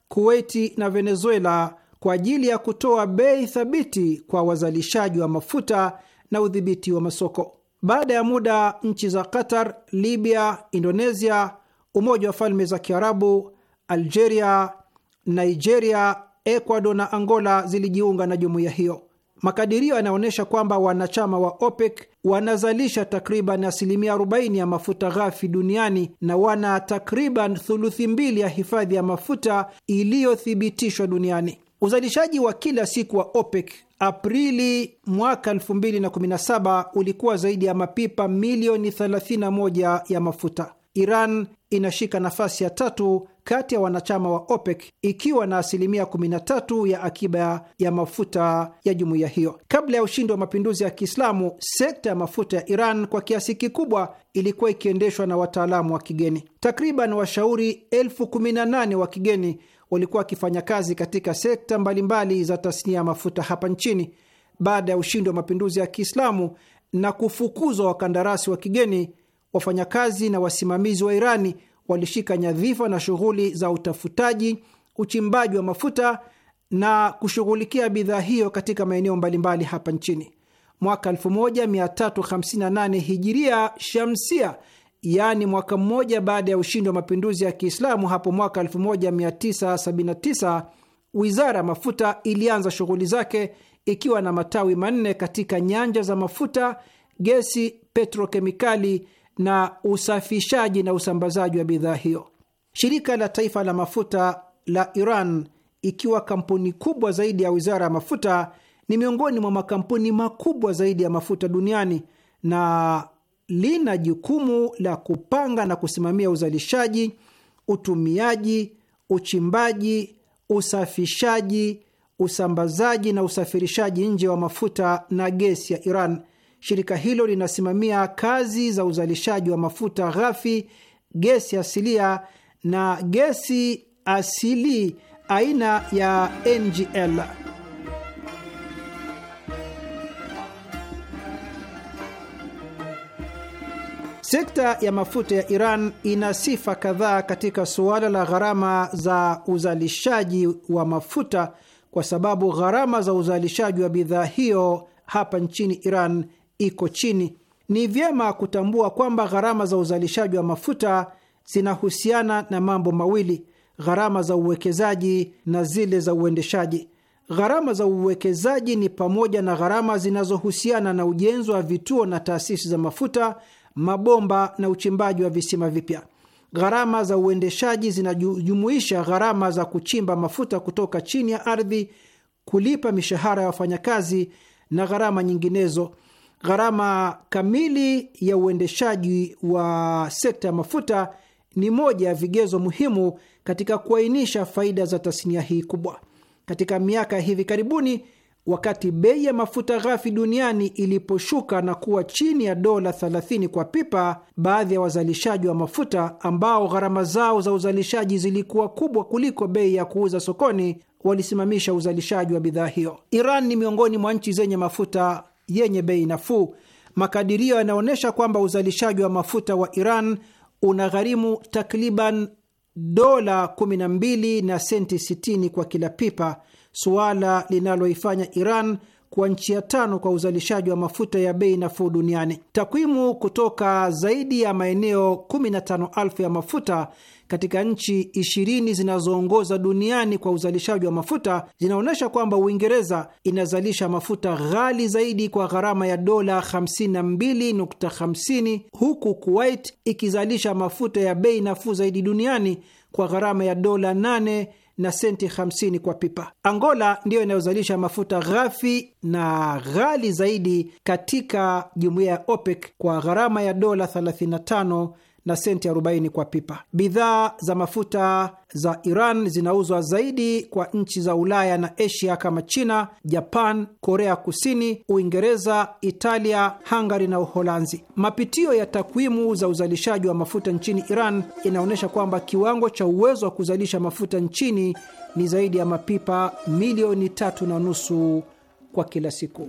Kuweti na Venezuela kwa ajili ya kutoa bei thabiti kwa wazalishaji wa mafuta na udhibiti wa masoko. Baada ya muda, nchi za Qatar, Libya, Indonesia, Umoja wa Falme za Kiarabu, Algeria, Nigeria, Ecuador na Angola zilijiunga na jumuiya hiyo. Makadirio yanaonyesha kwamba wanachama wa OPEC wanazalisha takriban asilimia 40 ya mafuta ghafi duniani na wana takriban thuluthi mbili ya hifadhi ya mafuta iliyothibitishwa duniani. Uzalishaji wa kila siku wa OPEC Aprili mwaka 2017 ulikuwa zaidi ya mapipa milioni 31 ya mafuta. Iran inashika nafasi ya tatu kati ya wanachama wa OPEC ikiwa na asilimia 13 ya akiba ya mafuta ya jumuiya hiyo. Kabla ya ushindi wa mapinduzi ya Kiislamu, sekta ya mafuta ya Iran kwa kiasi kikubwa ilikuwa ikiendeshwa na wataalamu wa kigeni. Takriban washauri elfu kumi na nane wa kigeni walikuwa wakifanya kazi katika sekta mbalimbali za tasnia ya mafuta hapa nchini. Baada ya ushindi wa mapinduzi ya Kiislamu na kufukuzwa wakandarasi wa kigeni wafanyakazi na wasimamizi wa Irani walishika nyadhifa na shughuli za utafutaji, uchimbaji wa mafuta na kushughulikia bidhaa hiyo katika maeneo mbalimbali hapa nchini. Mwaka 1358 hijiria shamsia, yaani mwaka mmoja baada ya ushindi wa mapinduzi ya Kiislamu hapo mwaka 1979, wizara ya mafuta ilianza shughuli zake ikiwa na matawi manne katika nyanja za mafuta, gesi, petrokemikali na usafishaji na usambazaji wa bidhaa hiyo. Shirika la Taifa la Mafuta la Iran, ikiwa kampuni kubwa zaidi ya wizara ya mafuta, ni miongoni mwa makampuni makubwa zaidi ya mafuta duniani na lina jukumu la kupanga na kusimamia uzalishaji, utumiaji, uchimbaji, usafishaji, usambazaji na usafirishaji nje wa mafuta na gesi ya Iran shirika hilo linasimamia kazi za uzalishaji wa mafuta ghafi, gesi asilia na gesi asili aina ya NGL. Sekta ya mafuta ya Iran ina sifa kadhaa katika suala la gharama za uzalishaji wa mafuta, kwa sababu gharama za uzalishaji wa bidhaa hiyo hapa nchini Iran iko chini. Ni vyema kutambua kwamba gharama za uzalishaji wa mafuta zinahusiana na mambo mawili: gharama za uwekezaji na zile za uendeshaji. Gharama za uwekezaji ni pamoja na gharama zinazohusiana na ujenzi wa vituo na taasisi za mafuta, mabomba na uchimbaji wa visima vipya. Gharama za uendeshaji zinajumuisha gharama za kuchimba mafuta kutoka chini ya ardhi, kulipa mishahara ya wafanyakazi na gharama nyinginezo Gharama kamili ya uendeshaji wa sekta ya mafuta ni moja ya vigezo muhimu katika kuainisha faida za tasnia hii kubwa. Katika miaka ya hivi karibuni, wakati bei ya mafuta ghafi duniani iliposhuka na kuwa chini ya dola 30 kwa pipa, baadhi ya wazalishaji wa mafuta ambao gharama zao za uzalishaji zilikuwa kubwa kuliko bei ya kuuza sokoni walisimamisha uzalishaji wa bidhaa hiyo. Iran ni miongoni mwa nchi zenye mafuta yenye bei nafuu. Makadirio yanaonyesha kwamba uzalishaji wa mafuta wa Iran unagharimu takriban dola 12 na senti 60 kwa kila pipa, suala linaloifanya Iran kuwa nchi ya tano kwa uzalishaji wa mafuta ya bei nafuu duniani. Takwimu kutoka zaidi ya maeneo 15,000 ya mafuta katika nchi ishirini zinazoongoza duniani kwa uzalishaji wa mafuta zinaonyesha kwamba Uingereza inazalisha mafuta ghali zaidi kwa gharama ya dola 52.50 huku Kuwait ikizalisha mafuta ya bei nafuu zaidi duniani kwa gharama ya dola 8 na senti 50 kwa pipa. Angola ndiyo inayozalisha mafuta ghafi na ghali zaidi katika jumuiya ya OPEC kwa gharama ya dola 35 na senti 40 kwa pipa. Bidhaa za mafuta za Iran zinauzwa zaidi kwa nchi za Ulaya na Asia kama China, Japan, Korea Kusini, Uingereza, Italia, Hungary na Uholanzi. Mapitio ya takwimu za uzalishaji wa mafuta nchini Iran inaonyesha kwamba kiwango cha uwezo wa kuzalisha mafuta nchini ni zaidi ya mapipa milioni tatu na nusu kwa kila siku.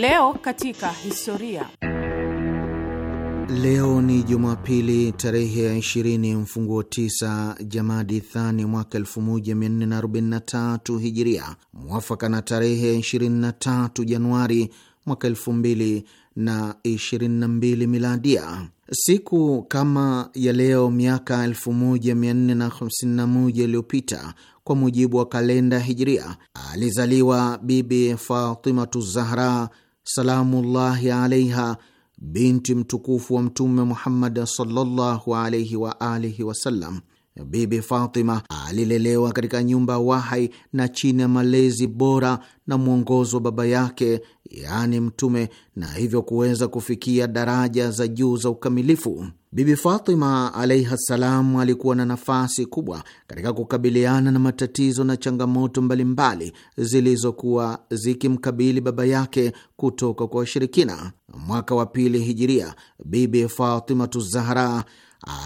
Leo katika historia. Leo ni Jumapili tarehe ya 20 mfunguo 9 Jamadi Thani mwaka 1443 Hijiria, mwafaka na tarehe 23 Januari mwaka 2022 Miladia. Siku kama ya leo miaka 1451 iliyopita kwa mujibu wa kalenda Hijiria, alizaliwa Bibi Fatimatu Zahra salamullahi alaiha, binti mtukufu wa Mtume Muhammad sallallahu alaihi wa alihi wasallam. Bibi Fatima alilelewa katika nyumba ya wahai na chini ya malezi bora na mwongozo wa baba yake, yaani Mtume, na hivyo kuweza kufikia daraja za juu za ukamilifu. Bibi Fatima alaihi ssalam alikuwa na nafasi kubwa katika kukabiliana na matatizo na changamoto mbalimbali zilizokuwa zikimkabili baba yake kutoka kwa washirikina. Mwaka wa pili hijiria, Bibi Fatimatu Zahra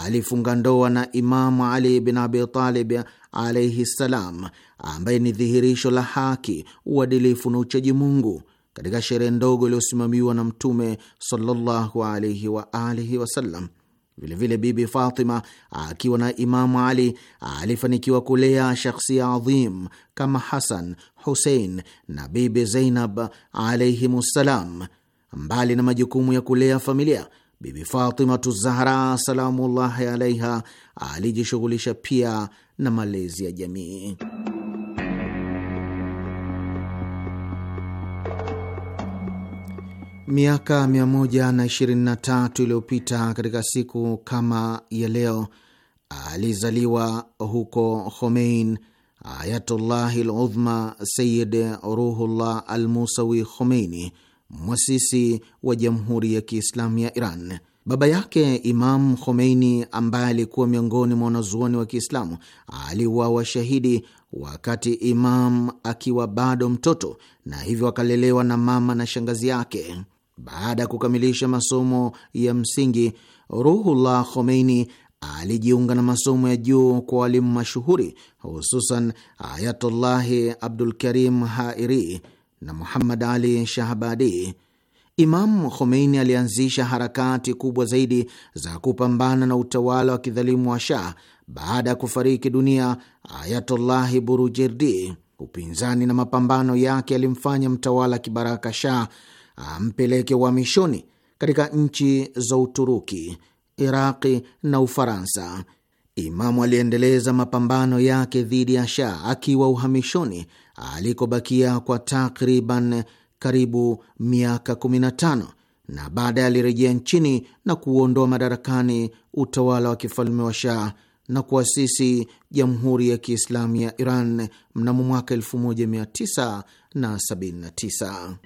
alifunga ndoa na Imamu Ali bin Abitalib alaihi ssalam, ambaye ni dhihirisho la haki, uadilifu na uchaji Mungu. Katika sherehe ndogo iliyosimamiwa na Mtume sallallahu alaihi waalihi wasallam Vilevile Bibi Fatima akiwa na Imamu Ali alifanikiwa kulea shakhsia adhim kama Hasan, Husein na Bibi Zeinab alaihimussalam. Mbali na majukumu ya kulea familia, Bibi Fatimatu Zahra salamullahi alaiha alijishughulisha pia na malezi ya jamii. Miaka 123 iliyopita katika siku kama ya leo alizaliwa huko Khomein Ayatullahi Ludhma Sayid Ruhullah Al Musawi Khomeini, mwasisi wa Jamhuri ya Kiislamu ya Iran. Baba yake Imam Khomeini, ambaye alikuwa miongoni mwa wanazuoni wa Kiislamu, aliuawa shahidi wakati Imam akiwa bado mtoto, na hivyo akalelewa na mama na shangazi yake. Baada ya kukamilisha masomo ya msingi, Ruhullah Khomeini alijiunga na masomo ya juu kwa walimu mashuhuri, hususan Ayatullahi Abdulkarim Hairi na Muhammad Ali Shahbadi. imam Khomeini alianzisha harakati kubwa zaidi za kupambana na utawala wa kidhalimu wa Shah baada ya kufariki dunia Ayatullahi Burujerdi. Upinzani na mapambano yake yalimfanya mtawala kibaraka Shah ampeleke uhamishoni katika nchi za Uturuki, Iraqi na Ufaransa. Imamu aliendeleza mapambano yake dhidi ya Shah akiwa uhamishoni alikobakia kwa takriban karibu miaka 15 na baadaye alirejea nchini na kuuondoa madarakani utawala wa kifalme wa Shah na kuasisi Jamhuri ya Kiislamu ya Iran mnamo mwaka 1979.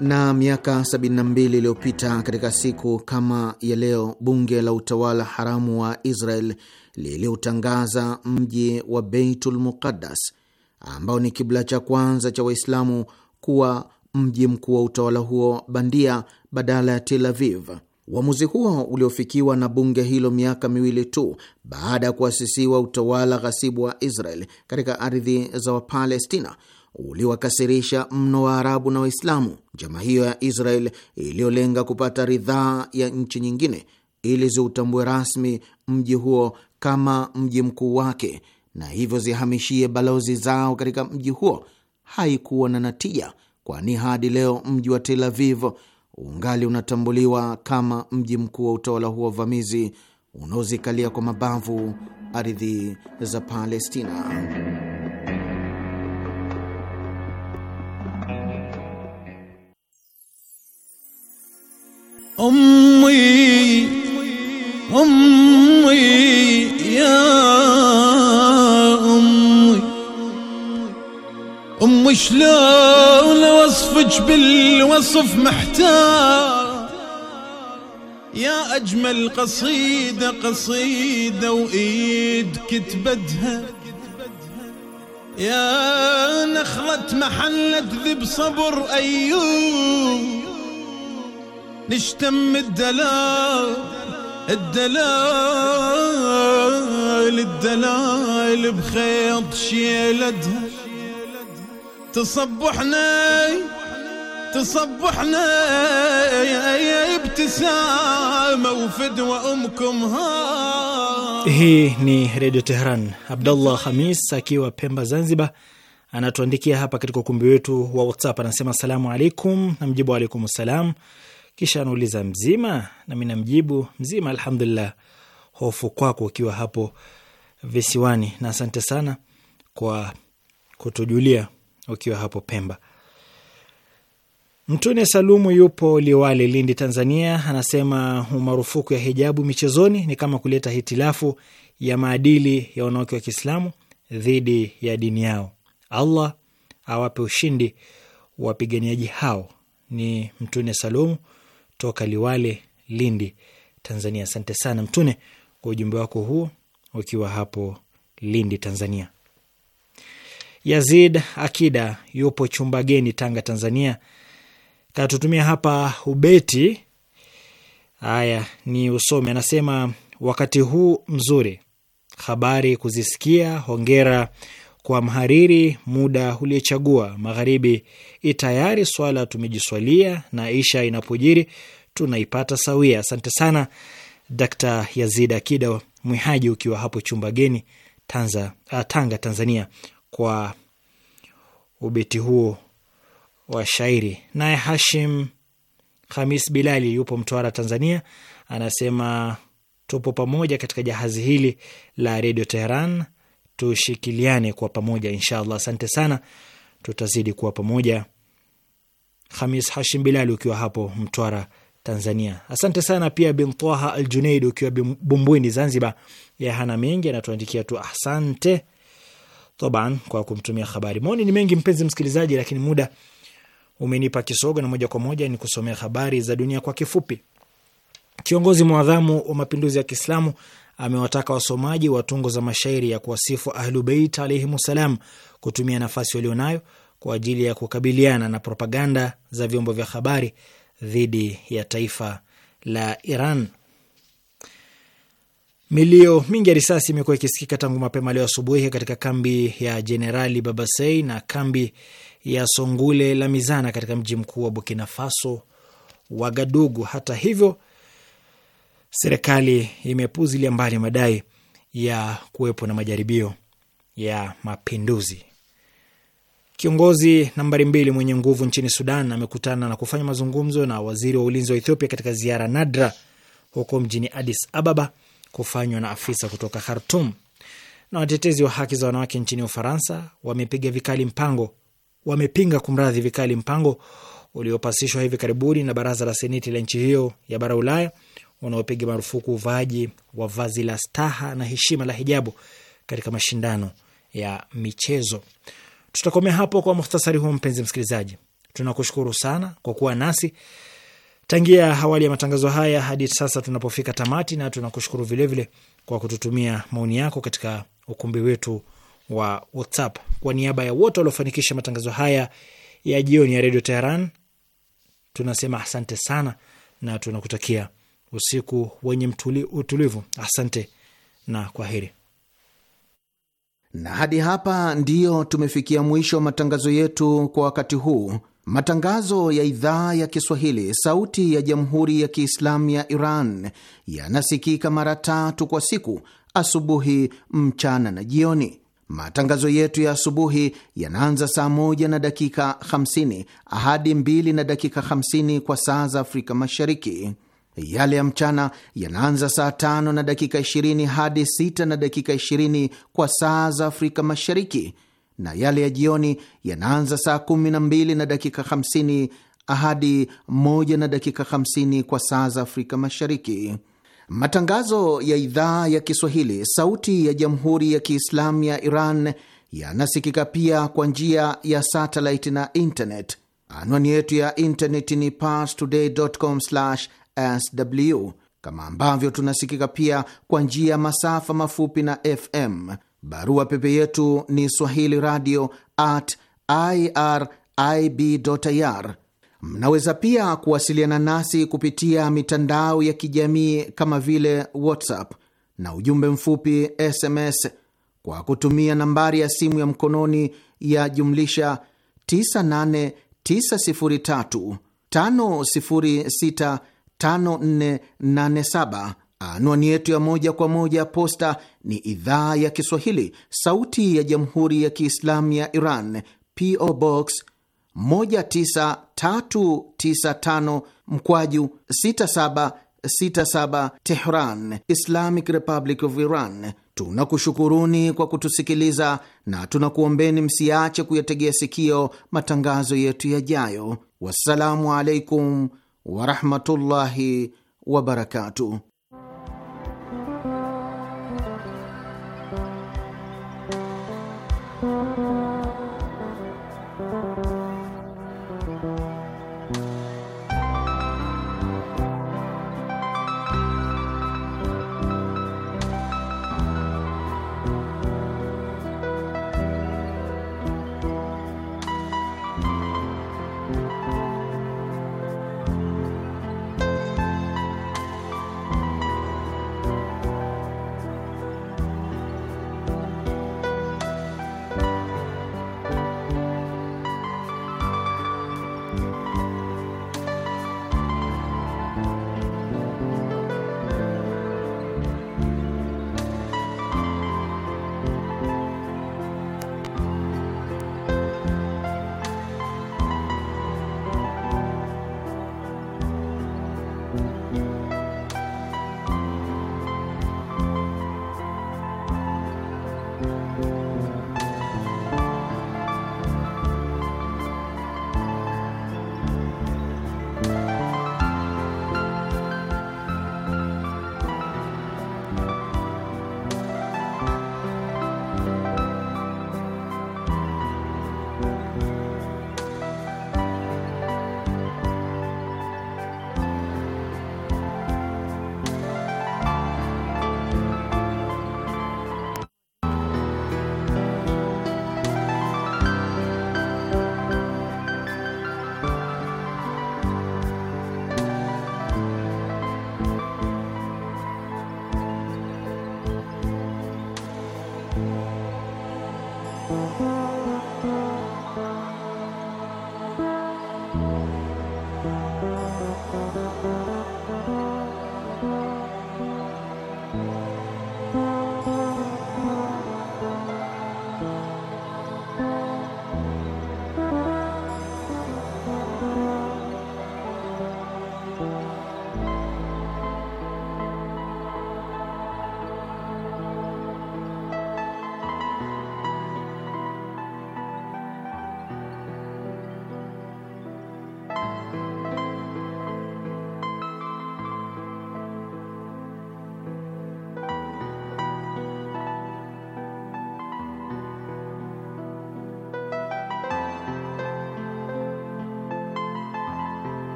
Na miaka 72 iliyopita katika siku kama ya leo, bunge la utawala haramu wa Israel liliotangaza mji wa Beitul Muqaddas ambao ni kibla cha kwanza cha Waislamu kuwa mji mkuu wa utawala huo bandia badala ya Tel Aviv. Uamuzi huo uliofikiwa na bunge hilo miaka miwili tu baada ya kuasisiwa utawala ghasibu wa Israel katika ardhi za Wapalestina uliwakasirisha mno wa arabu na Waislamu. Njama hiyo ya Israel iliyolenga kupata ridhaa ya nchi nyingine ili ziutambue rasmi mji huo kama mji mkuu wake na hivyo zihamishie balozi zao katika mji huo haikuwa na natija, kwani hadi leo mji wa Tel Aviv ungali unatambuliwa kama mji mkuu wa utawala huo wa vamizi unaozikalia kwa mabavu ardhi za Palestina. أمي أمي يا أمي أمي شلون وصفك بالوصف محتار يا أجمل قصيدة قصيدة وإيد كتبتها يا نخلة محلة ذب صبر أيوب نشتم الدلال الدلال الدلال بخيط شيلتها تصبحنا تصبحنا يا ابتسامة وفدوة أمكم ها Hii ni Redio Teheran. Abdallah Hamis akiwa Pemba, Zanzibar, anatuandikia hapa katika ukumbi wetu wa WhatsApp, anasema asalamu alaikum, na mjibu alaikum salam Kisha anauliza mzima, nami namjibu mzima, alhamdulillah. Hofu kwako ukiwa hapo visiwani, na asante sana kwa kutujulia ukiwa hapo Pemba. Mtune Salumu yupo Liwale, Lindi, Tanzania, anasema marufuku ya hijabu michezoni ni kama kuleta hitilafu ya maadili ya wanawake wa Kiislamu dhidi ya dini yao. Allah awape ushindi wapiganiaji hao. Ni Mtune Salumu toka Liwale, Lindi, Tanzania. Asante sana Mtune kwa ujumbe wako huo, ukiwa hapo Lindi, Tanzania. Yazid Akida yupo chumba geni, Tanga, Tanzania, katutumia hapa ubeti. Haya, ni usome. Anasema wakati huu mzuri, habari kuzisikia. Hongera kwa mhariri muda uliochagua. Magharibi itayari swala tumejiswalia, na isha inapojiri tunaipata sawia. Asante sana Dr. Yazid Akida Mwihaji, ukiwa hapo chumba geni Tanza, ah, Tanga, Tanzania, kwa ubeti huo wa shairi. Naye Hashim Hamis Bilali yupo Mtwara, Tanzania, anasema tupo pamoja katika jahazi hili la redio Teheran tushikiliane kwa pamoja inshallah. Asante sana, tutazidi kuwa pamoja. Hamis Hashim Bilali ukiwa hapo Mtwara, Tanzania, asante sana pia. Bin Taha Al Junaid ukiwa Bumbwini, Zanzibar, ya hana mengi anatuandikia tu asante toban kwa kumtumia habari. Maoni ni mengi mpenzi msikilizaji, lakini muda umenipa kisogo, na moja kwa moja ni kusomea habari za dunia kwa kifupi. Kiongozi mwadhamu wa mapinduzi ya Kiislamu amewataka wasomaji wa tungo za mashairi ya kuwasifu Ahlubeit alaihimsalam kutumia nafasi walionayo kwa ajili ya kukabiliana na propaganda za vyombo vya habari dhidi ya taifa la Iran. Milio mingi ya risasi imekuwa ikisikika tangu mapema leo asubuhi katika kambi ya Jenerali Babasei na kambi ya Songule la Mizana katika mji mkuu wa Burkina Faso, Wagadugu. Hata hivyo, serikali imepuzilia mbali madai ya kuwepo na majaribio ya mapinduzi. Kiongozi nambari mbili mwenye nguvu nchini Sudan amekutana na kufanya mazungumzo na waziri wa ulinzi wa Ethiopia katika ziara nadra huko mjini Addis Ababa kufanywa na afisa kutoka Khartum. Na watetezi wa haki za wanawake nchini Ufaransa wamepiga vikali mpango wamepinga kumradhi vikali mpango uliopasishwa hivi karibuni na baraza la seneti la nchi hiyo ya bara Ulaya wanaopiga marufuku uvaaji wa vazi la staha na heshima la hijabu katika mashindano ya michezo. Tutakomea hapo kwa muhtasari huo, mpenzi msikilizaji. Tunakushukuru sana kwa kuwa nasi tangia awali ya matangazo haya hadi sasa tunapofika tamati, na tunakushukuru vilevile kwa kututumia maoni yako katika ukumbi wetu wa WhatsApp. Kwa niaba ya wote waliofanikisha matangazo haya ya jioni ya Redio Teheran tunasema asante sana na tunakutakia usiku wenye mtuli, utulivu. Asante na heri. Na hadi hapa ndiyo tumefikia mwisho wa matangazo yetu kwa wakati huu. Matangazo ya idhaa ya Kiswahili sauti ya jamhuri ya Kiislamu ya Iran yanasikika mara tatu kwa siku: asubuhi, mchana na jioni. Matangazo yetu ya asubuhi yanaanza saa moja na dakika 50 hadi 2 na dakika 50 kwa saa za Afrika Mashariki. Yale ya mchana yanaanza saa tano na dakika 20 hadi sita na dakika 20 kwa saa za Afrika Mashariki, na yale ya jioni yanaanza saa kumi na mbili na dakika 50 hadi moja na dakika 50 kwa saa za Afrika Mashariki. Matangazo ya idhaa ya Kiswahili, Sauti ya Jamhuri ya Kiislamu ya Iran yanasikika pia kwa njia ya satellite na internet. Anwani yetu ya internet ni parstoday.com sw kama ambavyo tunasikika pia kwa njia ya masafa mafupi na FM. Barua pepe yetu ni swahili radio at irib ir. Mnaweza pia kuwasiliana nasi kupitia mitandao ya kijamii kama vile WhatsApp na ujumbe mfupi SMS kwa kutumia nambari ya simu ya mkononi ya jumlisha 98903506 5487. Anwani yetu ya moja kwa moja posta ni idhaa ya Kiswahili, sauti ya jamhuri ya kiislamu ya Iran, PO Box 19395 mkwaju 6767 Tehran, Islamic Republic of Iran. Tunakushukuruni kwa kutusikiliza na tunakuombeni msiache kuyategea sikio matangazo yetu yajayo. Wassalamu alaikum ورحمه الله وبركاته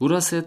Burası